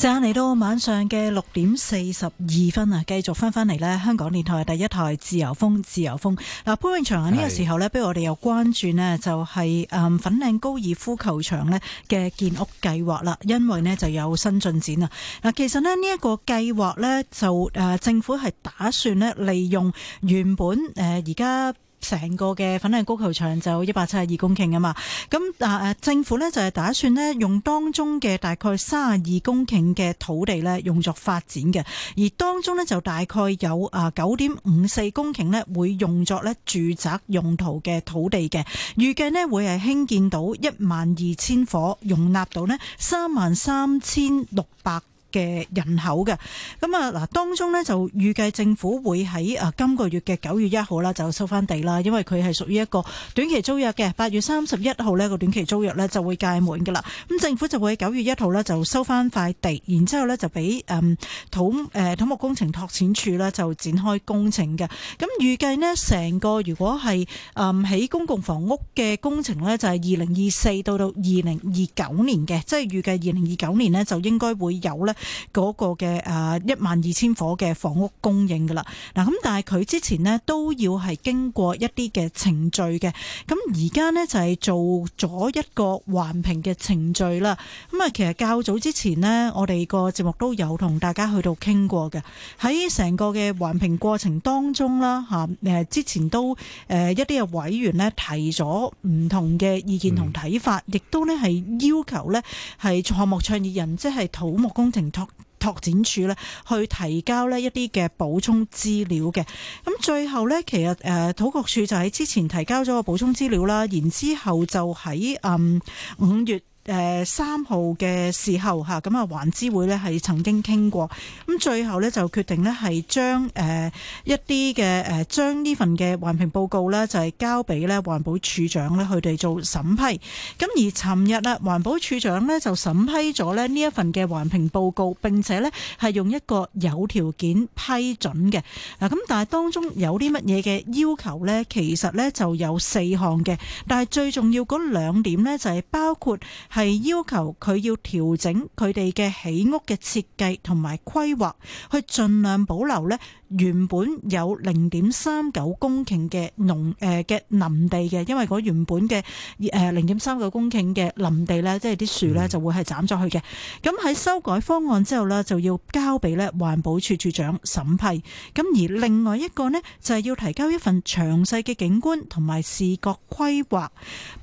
正嚟到晚上嘅六點四十二分啊，繼續翻翻嚟呢，香港電台第一台自由風，自由風。嗱，潘永祥喺呢、這個時候呢，俾我哋又關注呢，就係誒粉嶺高爾夫球場呢嘅建屋計劃啦。因為呢就有新進展啊。嗱，其實呢，呢一個計劃呢，就誒政府係打算呢，利用原本誒而家。成個嘅粉嶺高球場就一百七十二公頃啊嘛，咁啊誒，政府咧就係、是、打算咧用當中嘅大概三十二公頃嘅土地咧用作發展嘅，而當中咧就大概有啊九點五四公頃咧會用作咧住宅用途嘅土地嘅，預計咧會係興建到一萬二千伙，容納到咧三萬三千六百。嘅人口嘅，咁啊嗱，當中呢，就預計政府會喺啊今個月嘅九月一號啦，就收翻地啦，因為佢係屬於一個短期租約嘅。八月三十一號呢個短期租約呢，就會屆滿㗎啦，咁政府就會喺九月一號呢，就收翻塊地，然之後呢，就俾嗯土嗯土木工程拓展處呢，就展開工程嘅。咁、嗯、預計呢，成個如果係嗯起公共房屋嘅工程呢，就係二零二四到到二零二九年嘅，即係預計二零二九年呢，就應該會有呢。嗰個嘅誒一萬二千伙嘅房屋供應噶啦，嗱咁但係佢之前呢都要係經過一啲嘅程序嘅，咁而家呢就係、是、做咗一個環評嘅程序啦。咁啊，其實較早之前呢，我哋個節目都有同大家去到傾過嘅。喺成個嘅環評過程當中啦，吓誒之前都誒一啲嘅委員呢提咗唔同嘅意見同睇法，亦、嗯、都呢係要求呢係項目倡議人即係土木工程，拓展署咧，去提交呢一啲嘅補充資料嘅，咁最後呢，其實誒土拓署就喺之前提交咗個補充資料啦，然之後就喺嗯五月。誒三號嘅時候嚇，咁啊環諮會咧係曾經傾過，咁最後呢就決定呢係將誒一啲嘅誒將呢份嘅環評報告呢就係交俾咧環保署長呢佢哋做審批，咁而尋日咧環保署長呢就審批咗咧呢一份嘅環評報告，並且呢係用一個有條件批准嘅，嗱，咁但係當中有啲乜嘢嘅要求呢其實呢就有四項嘅，但係最重要嗰兩點咧就係包括。係要求佢要調整佢哋嘅起屋嘅設計同埋規劃，去盡量保留呢原本有零點三九公頃嘅農誒嘅、呃、林地嘅，因為嗰原本嘅誒零點三九公頃嘅林地呢，即係啲樹呢，就會係斬咗去嘅。咁喺、嗯、修改方案之後呢，就要交俾呢環保署署長審批。咁而另外一個呢，就係、是、要提交一份詳細嘅景觀同埋視覺規劃，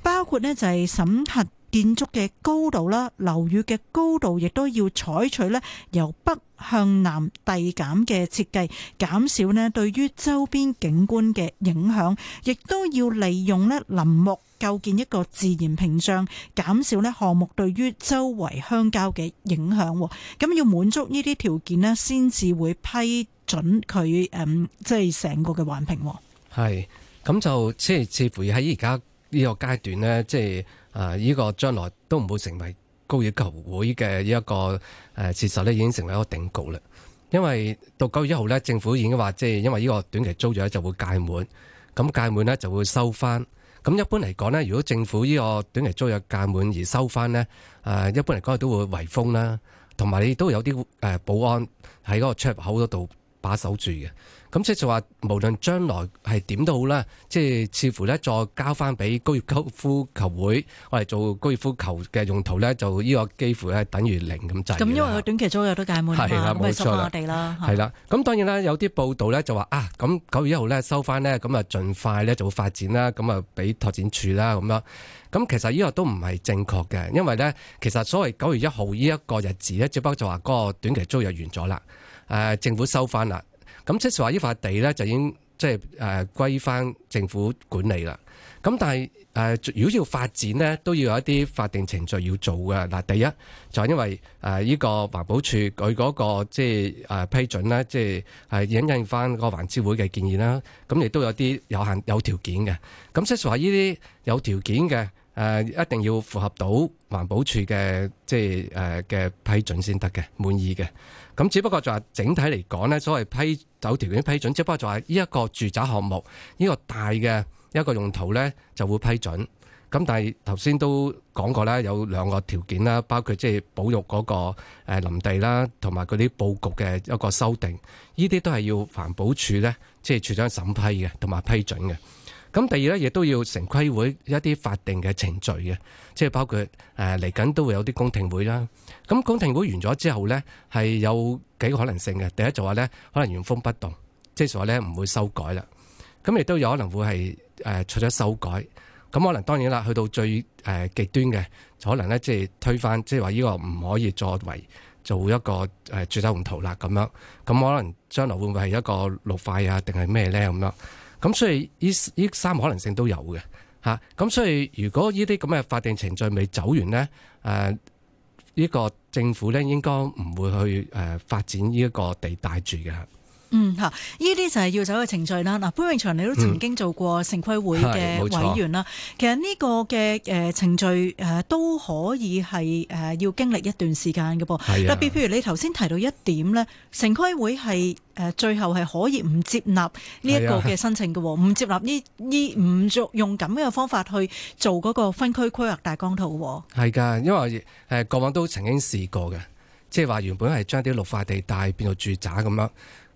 包括呢就係審核。建築嘅高度啦，樓宇嘅高度亦都要採取呢由北向南遞減嘅設計，減少呢對於周邊景觀嘅影響。亦都要利用呢林木構建一個自然屏障，減少呢項目對於周圍鄉郊嘅影響。噉要滿足呢啲條件呢，先至會批准佢誒，即係成個嘅環評。係，噉就即係似乎喺而家。呢個階段呢，即係啊，呢個將來都唔會成為高爾球會嘅一個誒事實呢，已經成為一個頂稿啦。因為到九月一號呢，政府已經話即係因為呢個短期租約就會屆滿，咁屆滿呢就會收翻。咁一般嚟講呢，如果政府呢個短期租約屆滿而收翻呢，誒一般嚟講都會圍封啦，同埋你都有啲誒保安喺嗰個出入口嗰度把守住嘅。咁即係話，無論將來係點都好啦，即係似乎咧，再交翻俾高爾夫球會，我哋做高爾夫球嘅用途咧，就呢個幾乎係等於零咁滯。咁因為佢短期租約都屆滿啦，唔係收咗我哋啦。係啦，咁當然啦，有啲報道咧就話啊，咁九月一號咧收翻呢，咁啊盡快咧就會發展啦，咁啊俾拓展處啦咁樣。咁其實呢個都唔係正確嘅，因為呢，其實所謂九月一號呢一個日子呢，只不過就話嗰個短期租約完咗啦，誒，政府收翻啦。咁即係話呢塊地咧就已經即係歸翻政府管理啦。咁但係如果要發展咧，都要有一啲法定程序要做嘅。嗱，第一就係、是、因為呢依個環保署佢嗰個即係批准咧，即、就、係、是、引引翻個環諮會嘅建議啦。咁亦都有啲有限有條件嘅。咁即係話呢啲有條件嘅。誒一定要符合到環保署嘅即係誒嘅批准先得嘅，滿意嘅。咁只不過就係整體嚟講咧，所謂批有條件批准，只不過就係呢一個住宅項目，呢個大嘅一個用途呢就會批准。咁但係頭先都講過啦，有兩個條件啦，包括即係保育嗰個林地啦，同埋嗰啲佈局嘅一個修訂，呢啲都係要環保署呢，即係署長審批嘅，同埋批准嘅。咁第二咧，亦都要城規會一啲法定嘅程序嘅，即係包括誒嚟緊都會有啲公聽會啦。咁公聽會完咗之後呢，係有幾個可能性嘅。第一就話呢，可能原封不動，即係話呢唔會修改啦。咁亦都有可能會係誒除咗修改。咁可能當然啦，去到最誒極端嘅，就可能呢即係推翻，即係話呢個唔可以作為做一個誒住宅用途啦咁樣。咁可能將來會唔會係一個綠化啊，定係咩呢？咁樣？咁所以呢三個可能性都有嘅。咁所以如果呢啲咁嘅法定程序未走完呢，呢、呃這個政府呢應該唔會去發展呢一個地帶住嘅。嗯吓，呢啲就係要走嘅程序啦。嗱、呃，潘永祥，你都曾經做過城規會嘅委員啦。嗯、其實呢個嘅誒程序誒都可以係誒要經歷一段時間嘅噃。係啊。特別譬如你頭先提到一點咧，城規會係誒最後係可以唔接納呢一個嘅申請嘅，唔、啊、接納呢呢唔用用咁嘅方法去做嗰個分區規劃大綱圖。係噶，因為誒過往都曾經試過嘅，即係話原本係將啲綠化地帶變做住宅咁樣。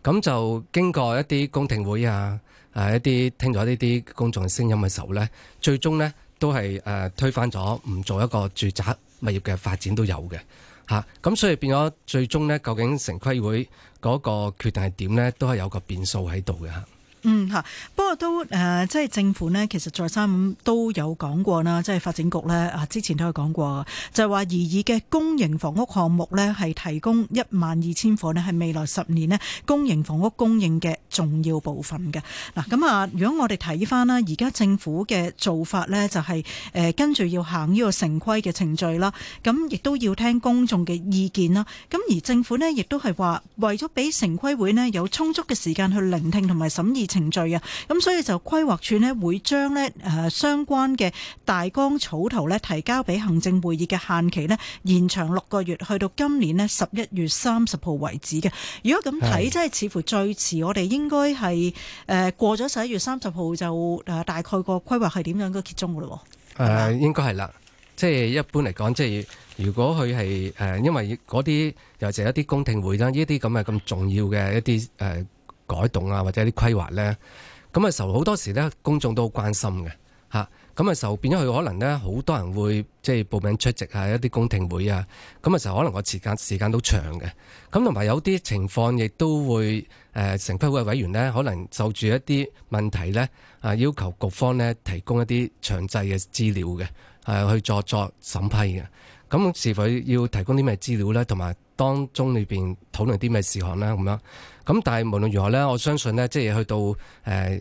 咁就經過一啲公聽會啊，誒一啲聽咗呢啲公眾聲音嘅時候咧，最終咧都係誒推翻咗唔做一個住宅物業嘅發展都有嘅嚇，咁所以變咗最終咧，究竟城規會嗰個決定係點咧，都係有個變數喺度嘅嚇。嗯吓，不過都誒，即係政府呢，其實再三都有講過啦，即係發展局呢，啊，之前都有講過，就係話而已嘅公營房屋項目呢，係提供一萬二千伙呢係未來十年呢公營房屋供應嘅重要部分嘅。嗱、啊，咁啊，如果我哋睇翻啦，而家政府嘅做法呢，就係、是、誒、啊、跟住要行呢個城規嘅程序啦，咁、啊、亦都要聽公眾嘅意見啦。咁、啊、而政府呢，亦都係話為咗俾城規會呢，有充足嘅時間去聆聽同埋審議。程序啊，咁所以就規劃處咧會將咧誒相關嘅大綱草圖咧提交俾行政會議嘅限期咧延長六個月，去到今年咧十一月三十號為止嘅。如果咁睇，即係是似乎最遲我哋應該係誒過咗十一月三十號就誒大概個規劃係點樣嘅結中噶咯。誒應該係啦，即係一般嚟講即係如果佢係誒因為嗰啲尤其一啲公聽會啦，呢啲咁嘅咁重要嘅一啲誒。呃改動啊，或者啲規劃呢，咁啊受好多時呢，公眾都好關心嘅吓，咁啊受變咗，佢可能呢，好多人會即係報名出席啊，一啲公聽會啊，咁啊，就可能個時間時間都長嘅。咁同埋有啲情況亦都會誒，城規會委員呢，可能受住一啲問題呢，啊，要求局方呢，提供一啲詳細嘅資料嘅，係去作作審批嘅。咁是否要提供啲咩資料呢？同埋當中裏面討論啲咩事項咧？咁樣咁，但係無論如何呢，我相信呢，即係去到誒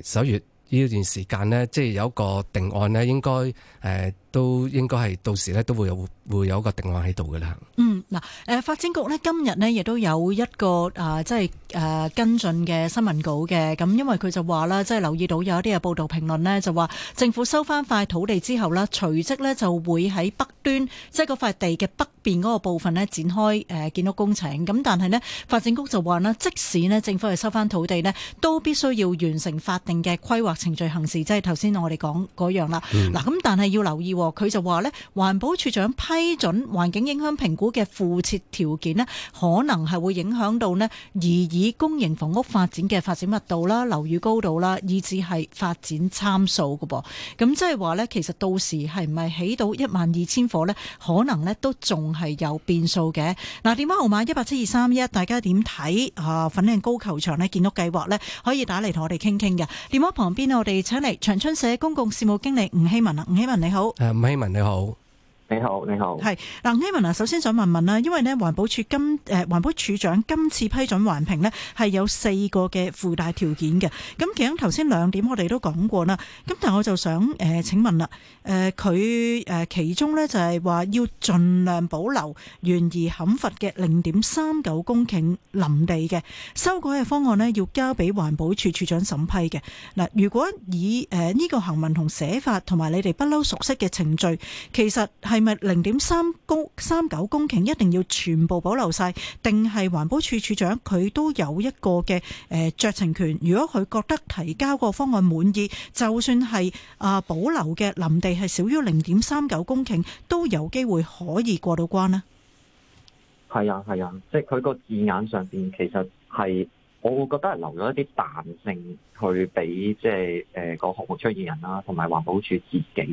十一月呢段時間呢，即係有一個定案呢，應該誒。呃都應該係到時咧，都會有會有一個定案喺度噶啦。嗯，嗱、呃，誒發展局咧今日咧亦都有一個啊，即係誒、啊、跟進嘅新聞稿嘅。咁因為佢就話啦，即係留意到有一啲嘅報道評論咧，就話政府收翻塊土地之後咧，隨即咧就會喺北端，即係嗰塊地嘅北邊嗰個部分咧，展開誒建築工程。咁但係咧，發展局就話咧，即使咧政府係收翻土地咧，都必須要完成法定嘅規劃程序行事，即係頭先我哋講嗰樣、嗯、啦。嗱，咁但係要留意。佢就話咧，環保署長批准環境影響評估嘅附設條件咧，可能係會影響到呢，而以公營房屋發展嘅發展密度啦、樓宇高度啦，以至係發展參數噶噃。咁即係話呢，其實到時係唔係起到一萬二千伙呢？可能呢都仲係有變數嘅。嗱，電話號碼一八七二三一，大家點睇啊？粉嶺高球場呢建屋計劃呢，可以打嚟同我哋傾傾嘅。電話旁邊我哋請嚟長春社公共事務經理吳希文啊，吳希文你好。吳希文你好。你好，你好。係嗱，阿文啊，首先想問問啦，因為咧，環保署今，誒環保署長今次批准環評咧，係有四個嘅附帶條件嘅。咁其中頭先兩點我哋都講過啦。咁但係我就想誒請問啦，誒佢誒其中咧，就係話要盡量保留原擬砍伐嘅零點三九公頃林地嘅修改嘅方案咧，要交俾環保署署長審批嘅。嗱，如果以誒呢個行文同寫法同埋你哋不嬲熟悉嘅程序，其實係。咪零點三公三九公頃一定要全部保留晒，定係環保署署長佢都有一個嘅誒酌情權。如果佢覺得提交個方案滿意，就算係啊保留嘅林地係少於零點三九公頃，都有機會可以過到關呢？係啊，係啊，即係佢個字眼上邊，其實係我會覺得係留咗一啲彈性。去俾即係誒個項目參與人啦，同埋環保署自己。咁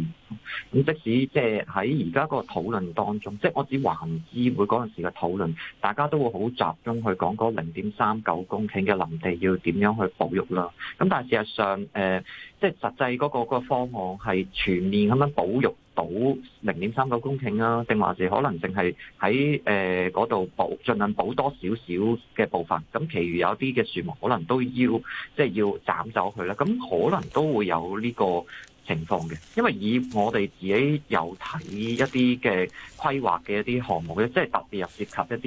即使即係喺而家個討論當中，即、就、係、是、我哋喺環諮會嗰陣時嘅討論，大家都會好集中去講嗰零點三九公頃嘅林地要點樣去保育啦。咁但係事實上誒、呃，即係實際嗰、那個、那個方案係全面咁樣保育到零點三九公頃啦、啊，定還是可能淨係喺誒嗰度保，儘量保多少少嘅部分。咁其餘有啲嘅樹木可能都要即係、就是、要減走佢，咁可能都會有呢個情況嘅，因為以我哋自己有睇一啲嘅規劃嘅一啲項目咧，即係特別又涉及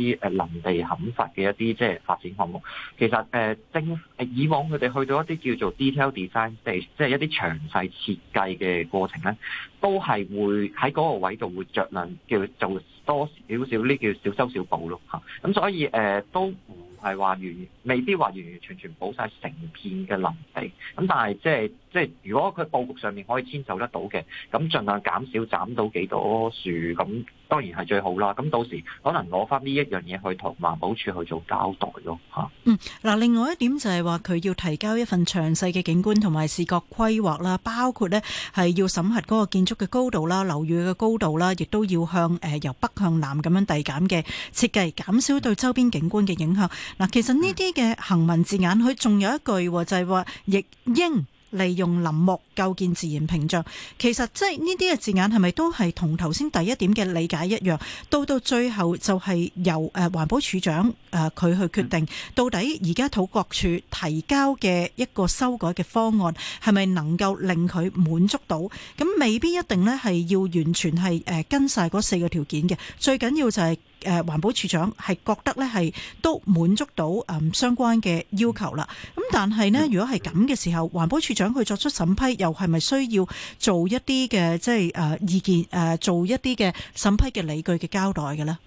一啲誒，林地砍伐嘅一啲即係發展項目，其實誒，正以往佢哋去到一啲叫做 detail design stage，即係一啲詳細設計嘅過程咧，都係會喺嗰個位度會着量叫做多少少呢叫小修小補咯吓，咁所以誒都。係話完，未必話完完全全補曬成片嘅林地，咁但係即係。即係如果佢佈局上面可以遷就得到嘅，咁儘量減少斬到幾多樹，咁當然係最好啦。咁到時可能攞翻呢一樣嘢去同環保署去做交代咯。嚇，嗯嗱，另外一點就係話佢要提交一份詳細嘅景觀同埋視覺規劃啦，包括呢係要審核嗰個建築嘅高度啦、樓宇嘅高度啦，亦都要向誒由北向南咁樣遞減嘅設計，減少對周邊景觀嘅影響嗱。其實呢啲嘅行文字眼，佢仲有一句就係話，亦應。利用林木，構建自然屏障，其實即係呢啲嘅字眼，係咪都係同頭先第一點嘅理解一樣？到到最後就係由誒環保署長誒佢去決定，到底而家土國處提交嘅一個修改嘅方案，係咪能夠令佢滿足到？咁未必一定咧，係要完全係誒跟晒嗰四個條件嘅。最緊要就係誒環保署長係覺得咧係都滿足到誒相關嘅要求啦。咁但係咧，如果係咁嘅時候，環保署長佢作出審批又？係咪需要做一啲嘅即係誒意見誒做一啲嘅審批嘅理據嘅交代嘅咧？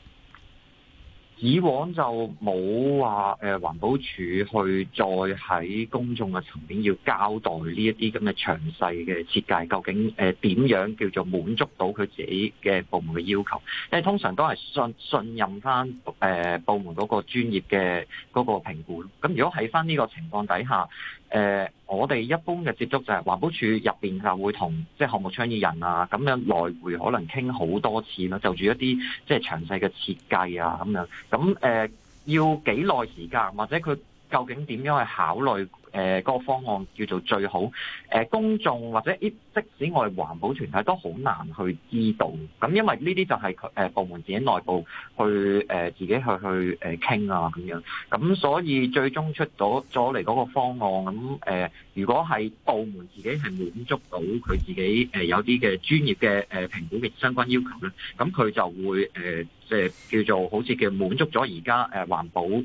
以往就冇話誒環保署去再喺公眾嘅層面要交代呢一啲咁嘅詳細嘅設計，究竟誒點樣叫做滿足到佢自己嘅部門嘅要求？因為通常都係信信任翻誒部門嗰個專業嘅嗰個評估。咁如果喺翻呢個情況底下。誒、呃，我哋一般嘅接觸就係環保署入面就，就會同即係項目倡議人啊，咁樣來回可能傾好多次咯，就住一啲即係詳細嘅設計啊咁樣，咁誒、呃、要幾耐時間，或者佢究竟點樣去考慮？誒、呃、嗰個方案叫做最好，誒、呃、公眾或者即使我哋環保團體都好難去知道，咁因為呢啲就係佢誒部門自己內部去誒、呃、自己去去誒傾啊咁樣，咁所以最終出到咗嚟嗰個方案咁誒。如果係部門自己係滿足到佢自己誒有啲嘅專業嘅誒評估嘅相關要求咧，咁佢就會誒即係叫做好似叫滿足咗而家誒環保誒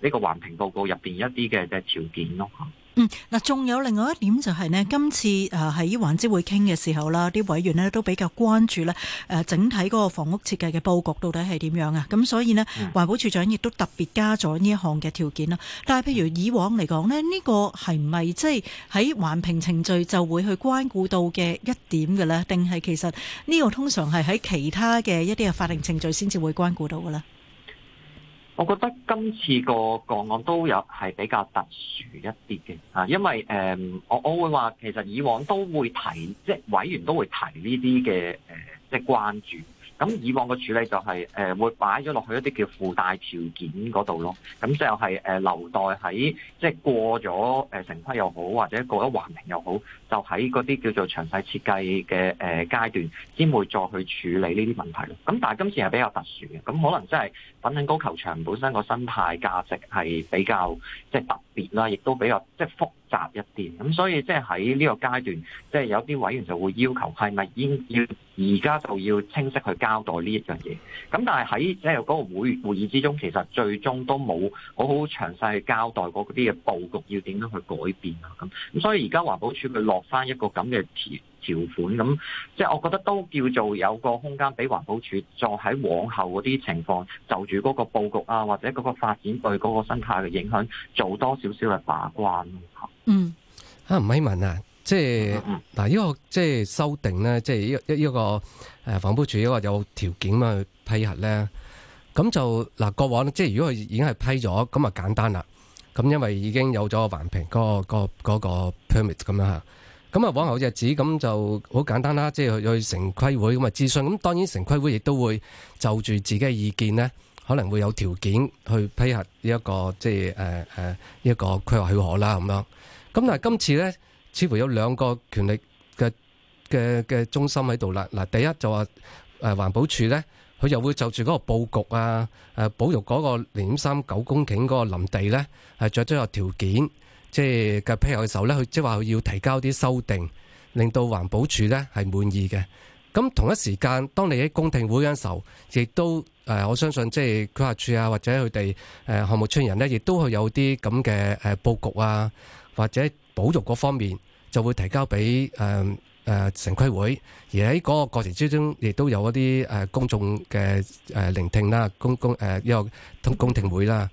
呢個環評報告入邊一啲嘅嘅條件咯。嗯，嗱，仲有另外一點就係呢，今次誒喺環諮會傾嘅時候啦，啲委員呢都比較關注咧誒整體嗰個房屋設計嘅佈局到底係點樣啊？咁所以呢，環保署長亦都特別加咗呢一項嘅條件啦。但係譬如以往嚟講呢，呢個係唔係即係喺環評程序就會去關顧到嘅一點嘅呢？定係其實呢個通常係喺其他嘅一啲嘅法定程序先至會關顧到嘅呢？我覺得今次個個案都有係比較特殊一啲嘅，因為誒，我我會話其實以往都會提，即係委員都會提呢啲嘅誒，即係關注。咁以往嘅處理就係誒會擺咗落去一啲叫附帶條件嗰度咯。咁就係誒留待喺即係過咗誒城規又好，或者過咗環評又好，就喺嗰啲叫做詳細設計嘅誒階段先會再去處理呢啲問題。咁但係今次係比較特殊嘅，咁可能真係。等等高球場本身個生態價值係比較即係特別啦，亦都比較即係複雜一啲，咁所以即係喺呢個階段，即係有啲委員就會要求係咪應要而家就要清晰去交代呢一樣嘢，咁但係喺即係嗰個會議之中，其實最終都冇好好詳細去交代嗰啲嘅佈局要點樣去改變啊，咁咁所以而家環保署佢落翻一個咁嘅款咁，即係我覺得都叫做有個空間俾環保署，在喺往後嗰啲情況，就住嗰個佈局啊，或者嗰個發展對嗰個生態嘅影響，做多少少嘅把關。嗯，啊吳希文啊，即係嗱，呢個即係修訂呢，即係呢、嗯嗯啊這個環、這個這個、保署呢個有條件咁去批核咧。咁就嗱，過、啊、往即係如果已經係批咗，咁啊簡單啦。咁因為已經有咗環評嗰、那個嗰、那個、那個、permit 咁樣咁啊，往後日子咁就好簡單啦，即係去城規會咁啊諮詢。咁當然城規會亦都會就住自己嘅意見呢，可能會有條件去批核呢一個即係誒誒呢一個規劃許可啦，咁樣。咁但係今次呢，似乎有兩個權力嘅嘅嘅中心喺度啦。嗱，第一就話誒環保署呢，佢又會就住嗰個布局啊，誒保育嗰個零點三九公頃嗰個林地呢係着咗有條件。即係嘅，譬如嘅時候咧，佢即係話要提交啲修訂，令到環保署咧係滿意嘅。咁同一時間，當你喺公聽會嘅時候，亦都誒，我相信即係規劃署啊，或者佢哋誒項目區人咧，亦都係有啲咁嘅誒布局啊，或者保育嗰方面，就會提交俾誒誒城規會。而喺嗰個過程之中，亦都有一啲誒公眾嘅誒聆聽啦，公公誒又同公聽會啦。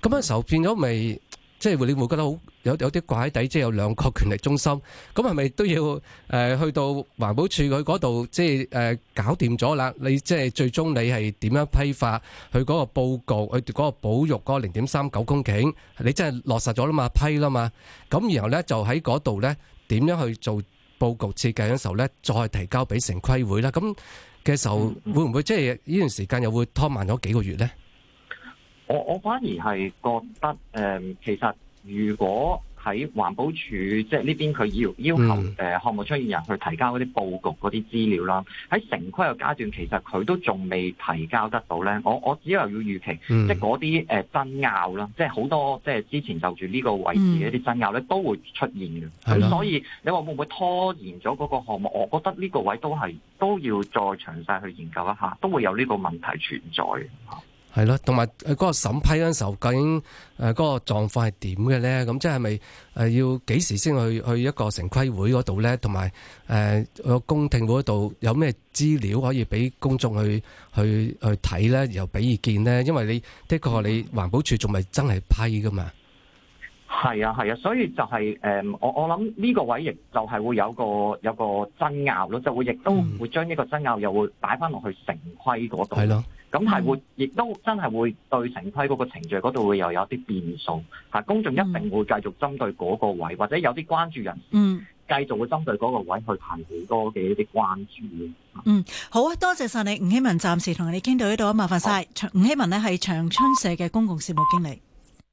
咁嘅時候變咗咪？即係會你會覺得好有有啲怪底，即係有兩個權力中心，咁係咪都要誒去到環保署佢嗰度，即係誒搞掂咗啦？你即係最終你係點樣批法？佢嗰個報告，佢嗰個保育嗰個零點三九公頃，你真係落實咗啦嘛？批啦嘛？咁然後咧就喺嗰度咧，點樣去做布局設計嘅時候咧，再提交俾城規會啦？咁嘅時候會唔會即係呢段時間又會拖慢咗幾個月咧？我我反而係覺得誒、嗯，其實如果喺環保署即係呢邊佢要要求誒項目出現人去提交嗰啲布局嗰啲資料啦，喺城規嘅階段其實佢都仲未提交得到咧。我我只要有要預期，嗯、即係嗰啲誒爭拗啦，即係好多即係之前就住呢個位置嘅一啲爭拗咧、嗯、都會出現嘅。咁的所以你話會唔會拖延咗嗰個項目？我覺得呢個位置都係都要再詳細去研究一下，都會有呢個問題存在係咯，同埋嗰個審批嗰時候，究竟誒嗰個狀況係點嘅咧？咁即係咪誒要幾時先去去一個城規會嗰度咧？同埋誒個公聽會嗰度有咩資料可以俾公眾去去去睇咧？又俾意見咧？因為你的確你環保署仲未真係批噶嘛？係啊係啊，所以就係、是、誒，我我諗呢個位亦就係會有個有個爭拗咯，就會亦都會將呢個爭拗又會擺翻落去城規嗰度。係咯。咁係會，亦、嗯嗯、都真係會對城規嗰個程序嗰度會又有啲變數，公眾一定會繼續針對嗰個位，或者有啲關注人士，嗯，繼續會針對嗰個位去排好多嘅一啲關注。嗯，好、啊、多謝晒你，吳希文，暫時同你傾到呢度，麻煩晒，長好吳希文呢係長春社嘅公共事務經理。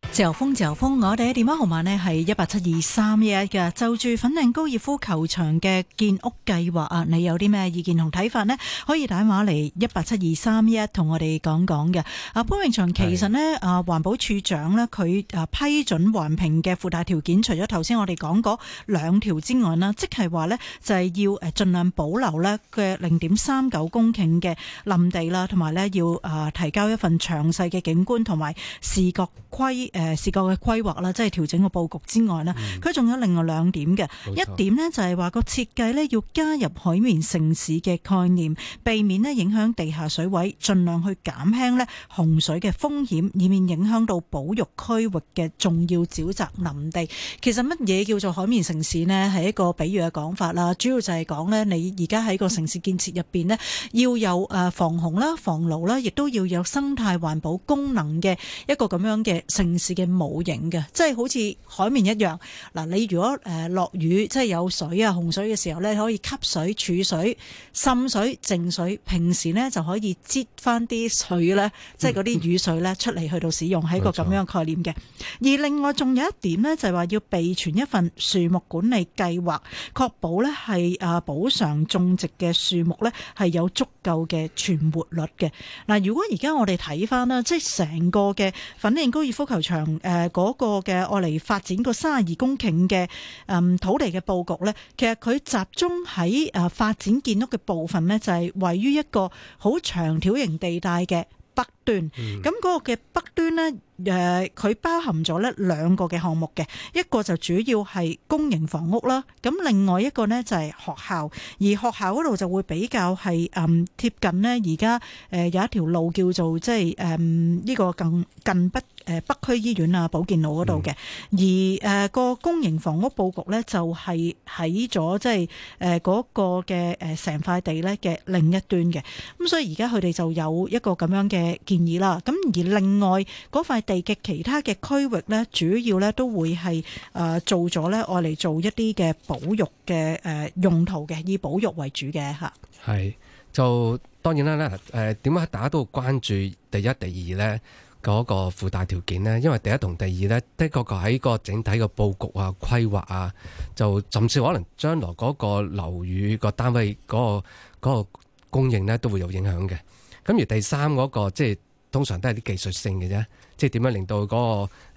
自由風，自由風，我哋嘅電話號碼呢係一八七二三一一嘅。就住粉嶺高爾夫球場嘅建屋計劃啊，你有啲咩意見同睇法呢？可以打電話嚟一八七二三一一同我哋講講嘅。阿潘永祥，其實呢，啊環保署長呢，佢啊批准環評嘅附帶條件，除咗頭先我哋講嗰兩條之外啦，即係話呢，就係、是、要誒盡量保留呢嘅零點三九公頃嘅林地啦，同埋呢要啊提交一份詳細嘅景觀同埋視覺規。誒，視覺嘅規劃啦，即係調整個佈局之外啦，佢仲、嗯、有另外兩點嘅。錯一點呢就係話個設計呢要加入海綿城市嘅概念，避免呢影響地下水位，儘量去減輕呢洪水嘅風險，以免影響到保育區域嘅重要沼澤林地。其實乜嘢叫做海綿城市呢？係一個比喻嘅講法啦。主要就係講呢，你而家喺個城市建設入邊呢，要有誒防洪啦、防澇啦，亦都要有生態環保功能嘅一個咁樣嘅城市。是嘅模型嘅，即係好似海綿一樣。嗱，你如果誒落雨，即係有水啊，洪水嘅時候咧，可以吸水儲水滲水淨水、水，平時咧就可以積翻啲水咧， 即係嗰啲雨水咧出嚟去到使用，係一個咁樣嘅概念嘅。而另外仲有一點咧，就係話要備存一份樹木管理計劃，確保咧係啊補償種植嘅樹木咧係有足夠嘅存活率嘅。嗱，如果而家我哋睇翻啦，即係成個嘅粉嶺高爾夫球場。長誒，嗰個嘅外嚟發展個三十二公頃嘅誒土地嘅布局咧，其實佢集中喺誒發展建屋嘅部分呢，就係、是、位於一個好長條形地帶嘅北。段咁嗰個嘅北端咧，誒佢包含咗咧兩個嘅項目嘅，一個就主要係公營房屋啦，咁另外一個咧就係學校，而學校嗰度就會比較係誒貼近咧而家誒有一條路叫做即係誒呢個近近北誒北區醫院啊保健路嗰度嘅，而誒個公營房屋佈局咧就係喺咗即係誒嗰個嘅誒成塊地咧嘅另一端嘅，咁所以而家佢哋就有一個咁樣嘅。建議啦，咁而另外嗰塊地嘅其他嘅區域呢，主要呢都會係誒做咗呢。我嚟做一啲嘅保育嘅誒用途嘅，以保育為主嘅吓。係就當然啦咧，誒點解大家都關注第一、第二呢嗰個附帶條件呢？因為第一同第二呢，的確個喺個整體嘅佈局啊、規劃啊，就甚至可能將來嗰個樓宇個單位嗰個個供應呢都會有影響嘅。咁而第三嗰、那個即係通常都係啲技術性嘅啫，即係點樣令到嗰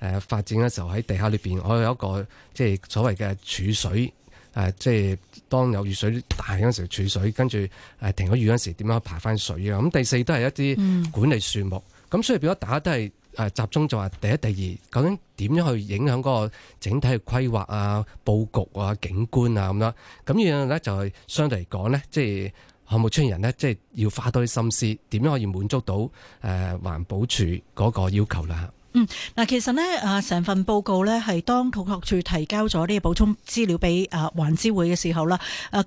個誒發展嘅時候喺地下裏邊，我有一個即係所謂嘅儲水誒，即係當有雨水大嗰陣時儲水，跟住誒停咗雨嗰陣時點樣排返水啊，咁第四都係一啲管理樹木，咁、嗯、所以變咗大家都係誒集中就話第一、第二究竟點樣去影響嗰個整體嘅規劃啊、佈局啊、景觀啊咁樣。咁呢樣咧就係、是、相對嚟講咧，即係。項目出現人呢，即係要花多啲心思，點樣可以滿足到誒、呃、環保署嗰個要求啦？嗯，嗱，其實呢，啊，整份報告呢，係當土拓署提交咗啲補充資料俾啊環諮會嘅時候啦，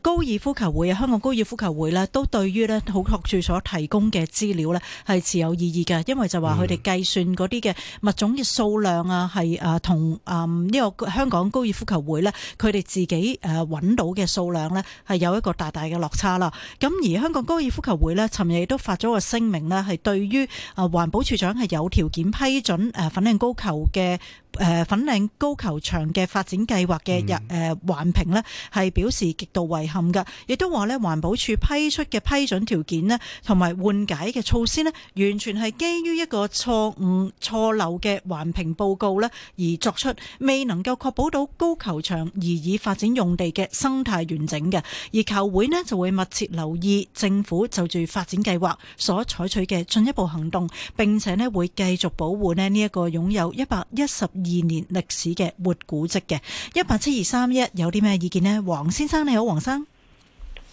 高爾夫球會啊，香港高爾夫球會呢，都對於呢土拓署所提供嘅資料呢，係持有異議嘅，因為就話佢哋計算嗰啲嘅物種嘅數量啊，係、啊、同啊呢、嗯呢個香港高爾夫球會呢，佢哋自己誒揾到嘅數量呢，係有一個大大嘅落差啦。咁而香港高爾夫球會呢，尋日亦都發咗個聲明呢，係對於啊環保署長係有條件批准。誒，粉嶺高球嘅。誒、呃，粉嶺高球場嘅發展計劃嘅日誒環評咧，係、呃、表示極度遺憾嘅，亦都話呢，環保署批出嘅批准條件呢，同埋緩解嘅措施呢，完全係基於一個錯誤錯漏嘅環評報告呢，而作出，未能夠確保到高球場而以發展用地嘅生態完整嘅。而球會呢，就會密切留意政府就住發展計劃所採取嘅進一步行動，並且呢會繼續保護咧呢一個擁有一百一十二年歷史嘅活古蹟嘅一八七二三一，有啲咩意見呢？黃先生你好，黃生，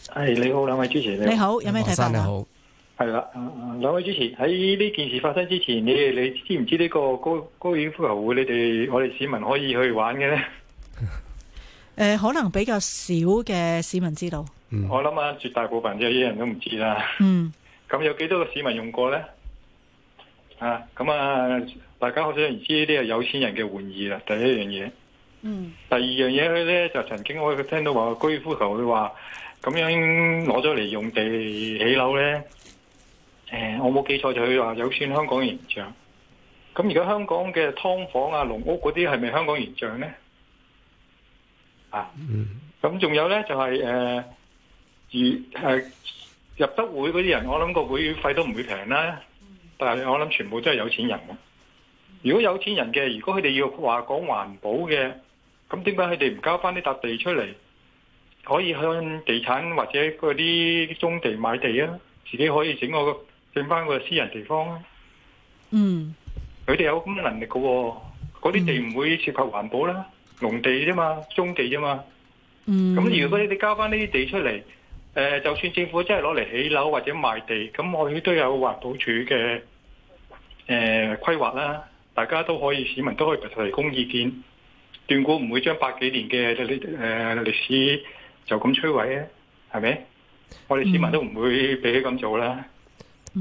係、哎、你好，兩位主持你好，你好有咩睇法啊？係啦好，兩、嗯、位主持喺呢件事發生之前，你哋你知唔知呢、這個高高爾夫球會？你哋我哋市民可以去玩嘅呢？誒、 呃，可能比較少嘅市民知道。我諗啊，絕大部分嘅人都唔知啦。嗯。咁有幾多個市民用過呢？啊，咁啊。大家可想而知呢啲係有錢人嘅玩意啦，第一樣嘢。嗯。第二樣嘢佢咧就曾經我聽到話居夫頭佢話咁樣攞咗嚟用地起樓咧。誒、呃，我冇記錯就佢話有損香港形象。咁而家香港嘅劏房啊、籠屋嗰啲係咪香港形象咧？啊。嗯。咁仲有咧就係、是、誒，如、呃、係、呃、入得會嗰啲人，我諗個會費都唔會平啦。但係我諗全部都係有錢人嘅。如果有錢人嘅，如果佢哋要話講環保嘅，咁點解佢哋唔交翻啲笪地出嚟，可以向地產或者嗰啲棕地買地啊，自己可以整個整翻個私人地方啊？嗯，佢哋有咁嘅能力嘅喎、啊，嗰啲地唔會涉及環保啦，農地啫嘛，棕地啫嘛。嗯，咁如果你哋交翻呢啲地出嚟，誒、呃，就算政府真係攞嚟起樓或者賣地，咁我哋都有環保署嘅誒規劃啦。大家都可以，市民都可以提供意見，斷估唔會將百幾年嘅呢誒歷史就咁摧毀啊？係咪？我哋市民都唔會俾佢咁做啦。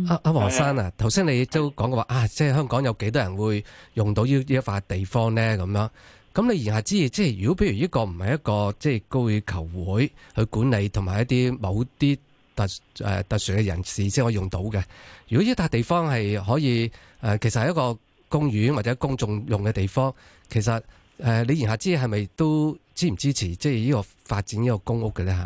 阿阿黃生啊，頭先的你都講過話啊，即係香港有幾多人會用到呢呢一塊地方咧？咁樣咁你言下之意，即係如果譬如呢個唔係一個即係高爾球會去管理，同埋一啲某啲特誒特殊嘅、呃、人士先可以用到嘅。如果呢笪地方係可以誒、呃，其實係一個。公園或者公眾用嘅地方，其實誒、呃，你言下之意係咪都支唔支持即係呢個發展呢個公屋嘅咧吓？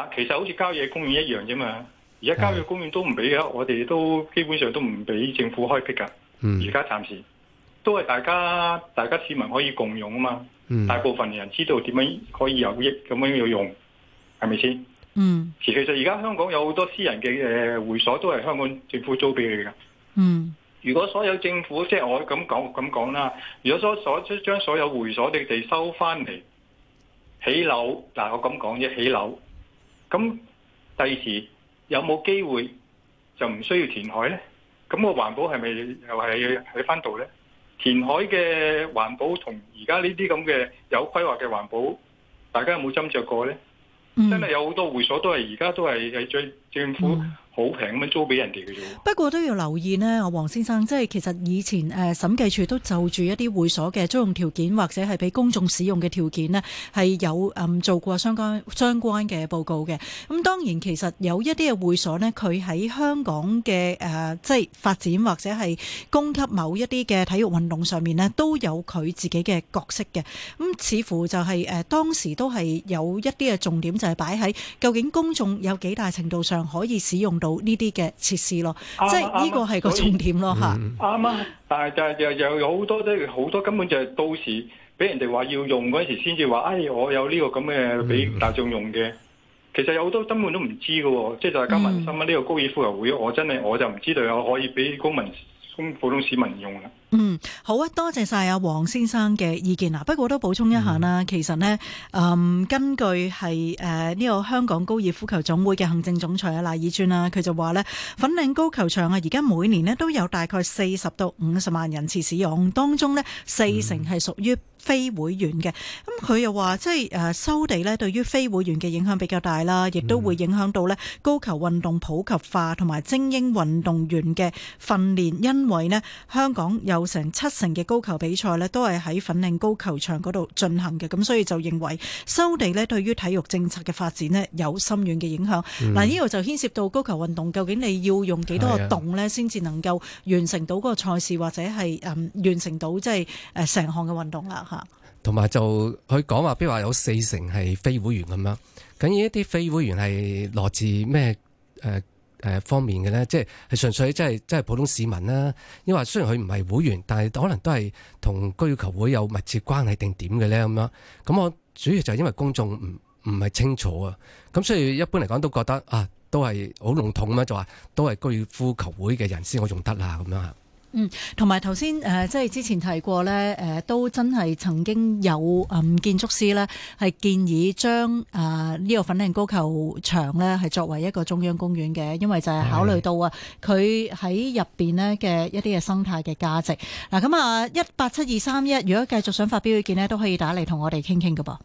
嗱，其實好似郊野公園一樣啫嘛。而家郊野公園都唔俾啊，我哋都基本上都唔俾政府開辟噶。嗯，而家暫時都係大家大家市民可以共用啊嘛。嗯，大部分人知道點樣可以有益咁樣要用，係咪先？嗯，其實而家香港有好多私人嘅誒會所都係香港政府租俾你噶。嗯。如果所有政府即係我咁講咁講啦，如果所所將所有會所地地收翻嚟起樓，嗱我咁講即起樓，咁第二時有冇機會就唔需要填海咧？咁個環保係咪又係喺翻度咧？填海嘅環保同而家呢啲咁嘅有規劃嘅環保，大家有冇斟酌過咧？真係有好多會所都係而家都係喺最。政府好平租俾人哋嘅啫。嗯、不過都要留意咧，黃先生，即係其實以前誒審計處都就住一啲會所嘅租用條件，或者係俾公眾使用嘅條件咧，係有誒做過相關相關嘅報告嘅。咁當然其實有一啲嘅會所咧，佢喺香港嘅誒即係發展或者係供給某一啲嘅體育運動上面咧，都有佢自己嘅角色嘅。咁似乎就係誒當時都係有一啲嘅重點就係擺喺究竟公眾有幾大程度上，可以使用到呢啲嘅設施咯，啊、即係呢個係個重點咯吓，啱啊，嗯、但係就又又好多即係好多根本就係到時俾人哋話要用嗰陣時先至話，哎，我有呢個咁嘅俾大眾用嘅。其實有好多根本都唔知㗎喎，即係就係、是、大家問心啊！呢、嗯、個高爾夫球會，我真係我就唔知道有可以俾公民、公普通市民用啊。嗯，好啊，多謝晒阿王先生嘅意見啊。不過我都補充一下啦，嗯、其實咧，嗯，根據係誒呢個香港高爾夫球總會嘅行政總裁啊賴以川啦，佢就話咧粉嶺高球場啊，而家每年咧都有大概四十到五十萬人次使用，當中咧四成係屬於非會員嘅。咁佢又話，即係誒收地咧，對於非會員嘅影響比較大啦，亦都會影響到咧高球運動普及化同埋精英運動員嘅訓練，因為咧香港有。有成七成嘅高球比賽咧，都係喺粉嶺高球場嗰度進行嘅，咁所以就認為收地咧，對於體育政策嘅發展咧，有深遠嘅影響。嗱、嗯，呢度就牽涉到高球運動究竟你要用幾多個洞咧，先至能夠完成到嗰個賽事，或者係誒完成到即係誒成項嘅運動啦，吓。同埋就佢講話，比如話有四成係非會員咁樣，咁呢一啲非會員係來自咩誒？呃誒方面嘅咧，即係係純粹即係即係普通市民啦。因為雖然佢唔係會員，但係可能都係同高爾夫球會有密切關係定點嘅咧咁樣呢。咁我主要就係因為公眾唔唔係清楚啊，咁所以一般嚟講都覺得啊，都係好籠統咁就話都係高爾夫球會嘅人先，我仲得啦咁樣。嗯，同埋頭先誒，即、呃、係之前提過咧，誒、呃、都真係曾經有誒、呃、建築師咧係建議將誒呢個粉嶺高球場咧係作為一個中央公園嘅，因為就係考慮到的啊，佢喺入邊呢嘅一啲嘅生態嘅價值。嗱，咁啊一八七二三一，如果繼續想發表意見呢，都可以打嚟同我哋傾傾噶噃。